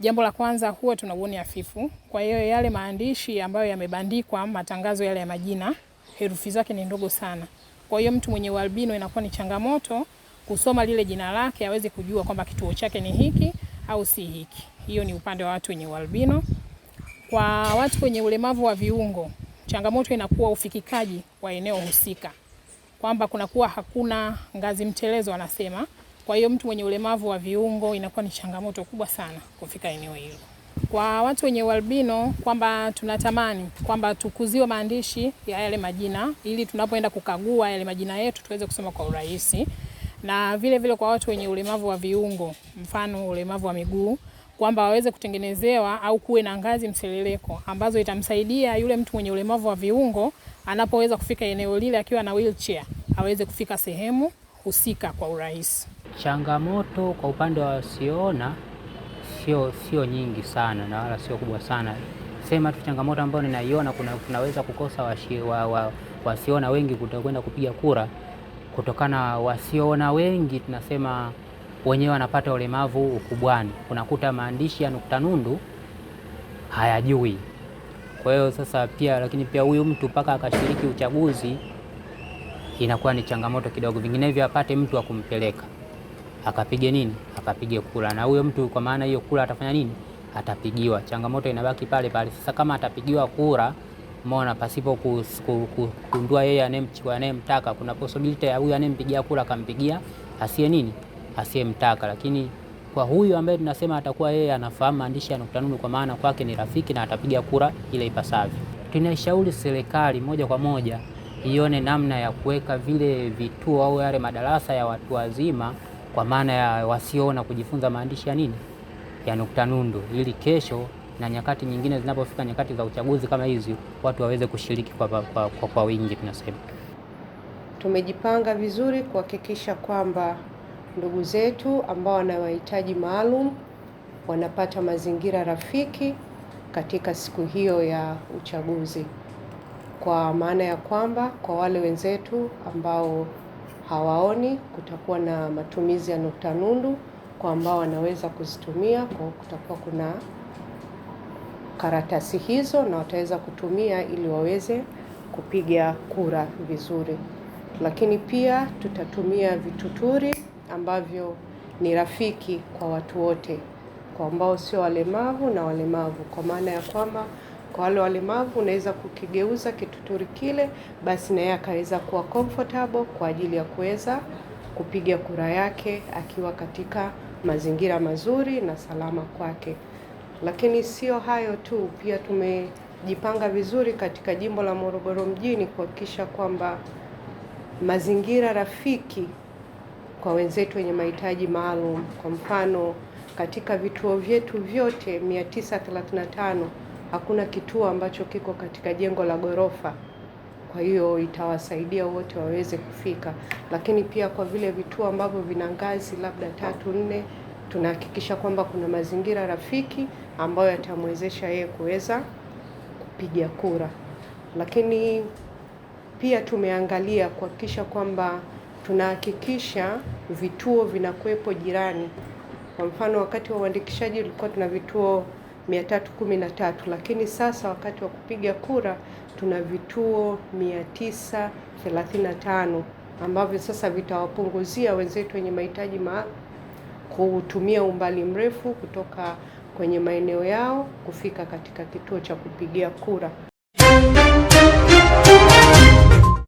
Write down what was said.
Jambo la kwanza huwa tunauoni hafifu. Kwa hiyo yale maandishi ambayo yamebandikwa matangazo yale ya majina, herufi zake ni ndogo sana. Kwa hiyo mtu mwenye ualbino inakuwa ni changamoto kusoma lile jina lake aweze kujua kwamba kituo chake ni hiki au si hiki. Hiyo ni upande wa watu wenye ualbino. Kwa watu wenye ulemavu wa viungo, changamoto inakuwa ufikikaji wa eneo husika. Kwamba kunakuwa hakuna ngazi mtelezo wanasema kwa hiyo mtu mwenye ulemavu wa viungo inakuwa ni changamoto kubwa sana kufika eneo hilo. Kwa watu wenye ualbino kwamba tunatamani kwamba tukuziwe maandishi ya yale majina ili tunapoenda kukagua yale majina yetu tuweze kusoma kwa urahisi. Na vile vile kwa watu wenye ulemavu wa viungo, mfano ulemavu wa miguu, kwamba waweze kutengenezewa au kuwe na ngazi mseleleko ambazo itamsaidia yule mtu mwenye ulemavu wa viungo anapoweza kufika eneo lile akiwa na wheelchair, aweze kufika sehemu husika kwa urahisi. Changamoto kwa upande wa wasioona sio sio nyingi sana na wala sio kubwa sana, sema tu changamoto ambayo ninaiona kuna, kunaweza kukosa wasioona wa, wa, wengi kutokwenda kupiga kura kutokana wasioona wengi tunasema wenyewe wanapata ulemavu ukubwani, unakuta maandishi ya nukta nundu hayajui. Kwa hiyo sasa pia, lakini pia huyu mtu mpaka akashiriki uchaguzi inakuwa ni changamoto kidogo, vinginevyo apate mtu kumpeleka akapige nini, akapige kura, na huyo mtu kwa maana hiyo kula atafanya nini? Atapigiwa. Changamoto inabaki pale pale. Sasa kama atapigiwa kura mona pasipo kugundua yeye anayemchukua anayemtaka, kuna possibility ya huyu anayempigia kura akampigia asiye nini, asiyemtaka. Lakini kwa huyu ambaye tunasema atakuwa yeye anafahamu maandishi ya nukta nundu, kwa maana kwake ni rafiki na atapiga kura ile ipasavyo. tunashauri serikali moja kwa moja ione namna ya kuweka vile vituo au yale madarasa ya watu wazima, kwa maana ya wasiona kujifunza maandishi ya nini ya nukta nundu, ili kesho na nyakati nyingine zinapofika nyakati za uchaguzi kama hizi watu waweze kushiriki kwa, kwa, kwa, kwa, kwa wingi. Tunasema tumejipanga vizuri kuhakikisha kwamba ndugu zetu ambao wana mahitaji maalum wanapata mazingira rafiki katika siku hiyo ya uchaguzi kwa maana ya kwamba kwa wale wenzetu ambao hawaoni kutakuwa na matumizi ya nukta nundu, kwa ambao wanaweza kuzitumia, kwa kutakuwa kuna karatasi hizo na wataweza kutumia ili waweze kupiga kura vizuri. Lakini pia tutatumia vituturi ambavyo ni rafiki kwa watu wote, kwa ambao sio walemavu na walemavu, kwa maana ya kwamba kwa wale walemavu unaweza kukigeuza kituturi kile, basi naye akaweza kuwa comfortable kwa ajili ya kuweza kupiga kura yake akiwa katika mazingira mazuri na salama kwake. Lakini sio hayo tu, pia tumejipanga vizuri katika jimbo la Morogoro mjini kuhakikisha kwamba mazingira rafiki kwa wenzetu wenye mahitaji maalum. Kwa mfano, katika vituo vyetu vyote 935 hakuna kituo ambacho kiko katika jengo la ghorofa, kwa hiyo itawasaidia wote waweze kufika. Lakini pia kwa vile vituo ambavyo vina ngazi labda tatu nne, tunahakikisha kwamba kuna mazingira rafiki ambayo yatamwezesha yeye kuweza kupiga kura. Lakini pia tumeangalia kuhakikisha kwamba tunahakikisha vituo vinakuwepo jirani. Kwa mfano, wakati wa uandikishaji ulikuwa tuna vituo 313 lakini sasa wakati wa kupiga kura tuna vituo 935 ambavyo sasa vitawapunguzia wenzetu wenye mahitaji ma kutumia umbali mrefu kutoka kwenye maeneo yao kufika katika kituo cha kupigia kura.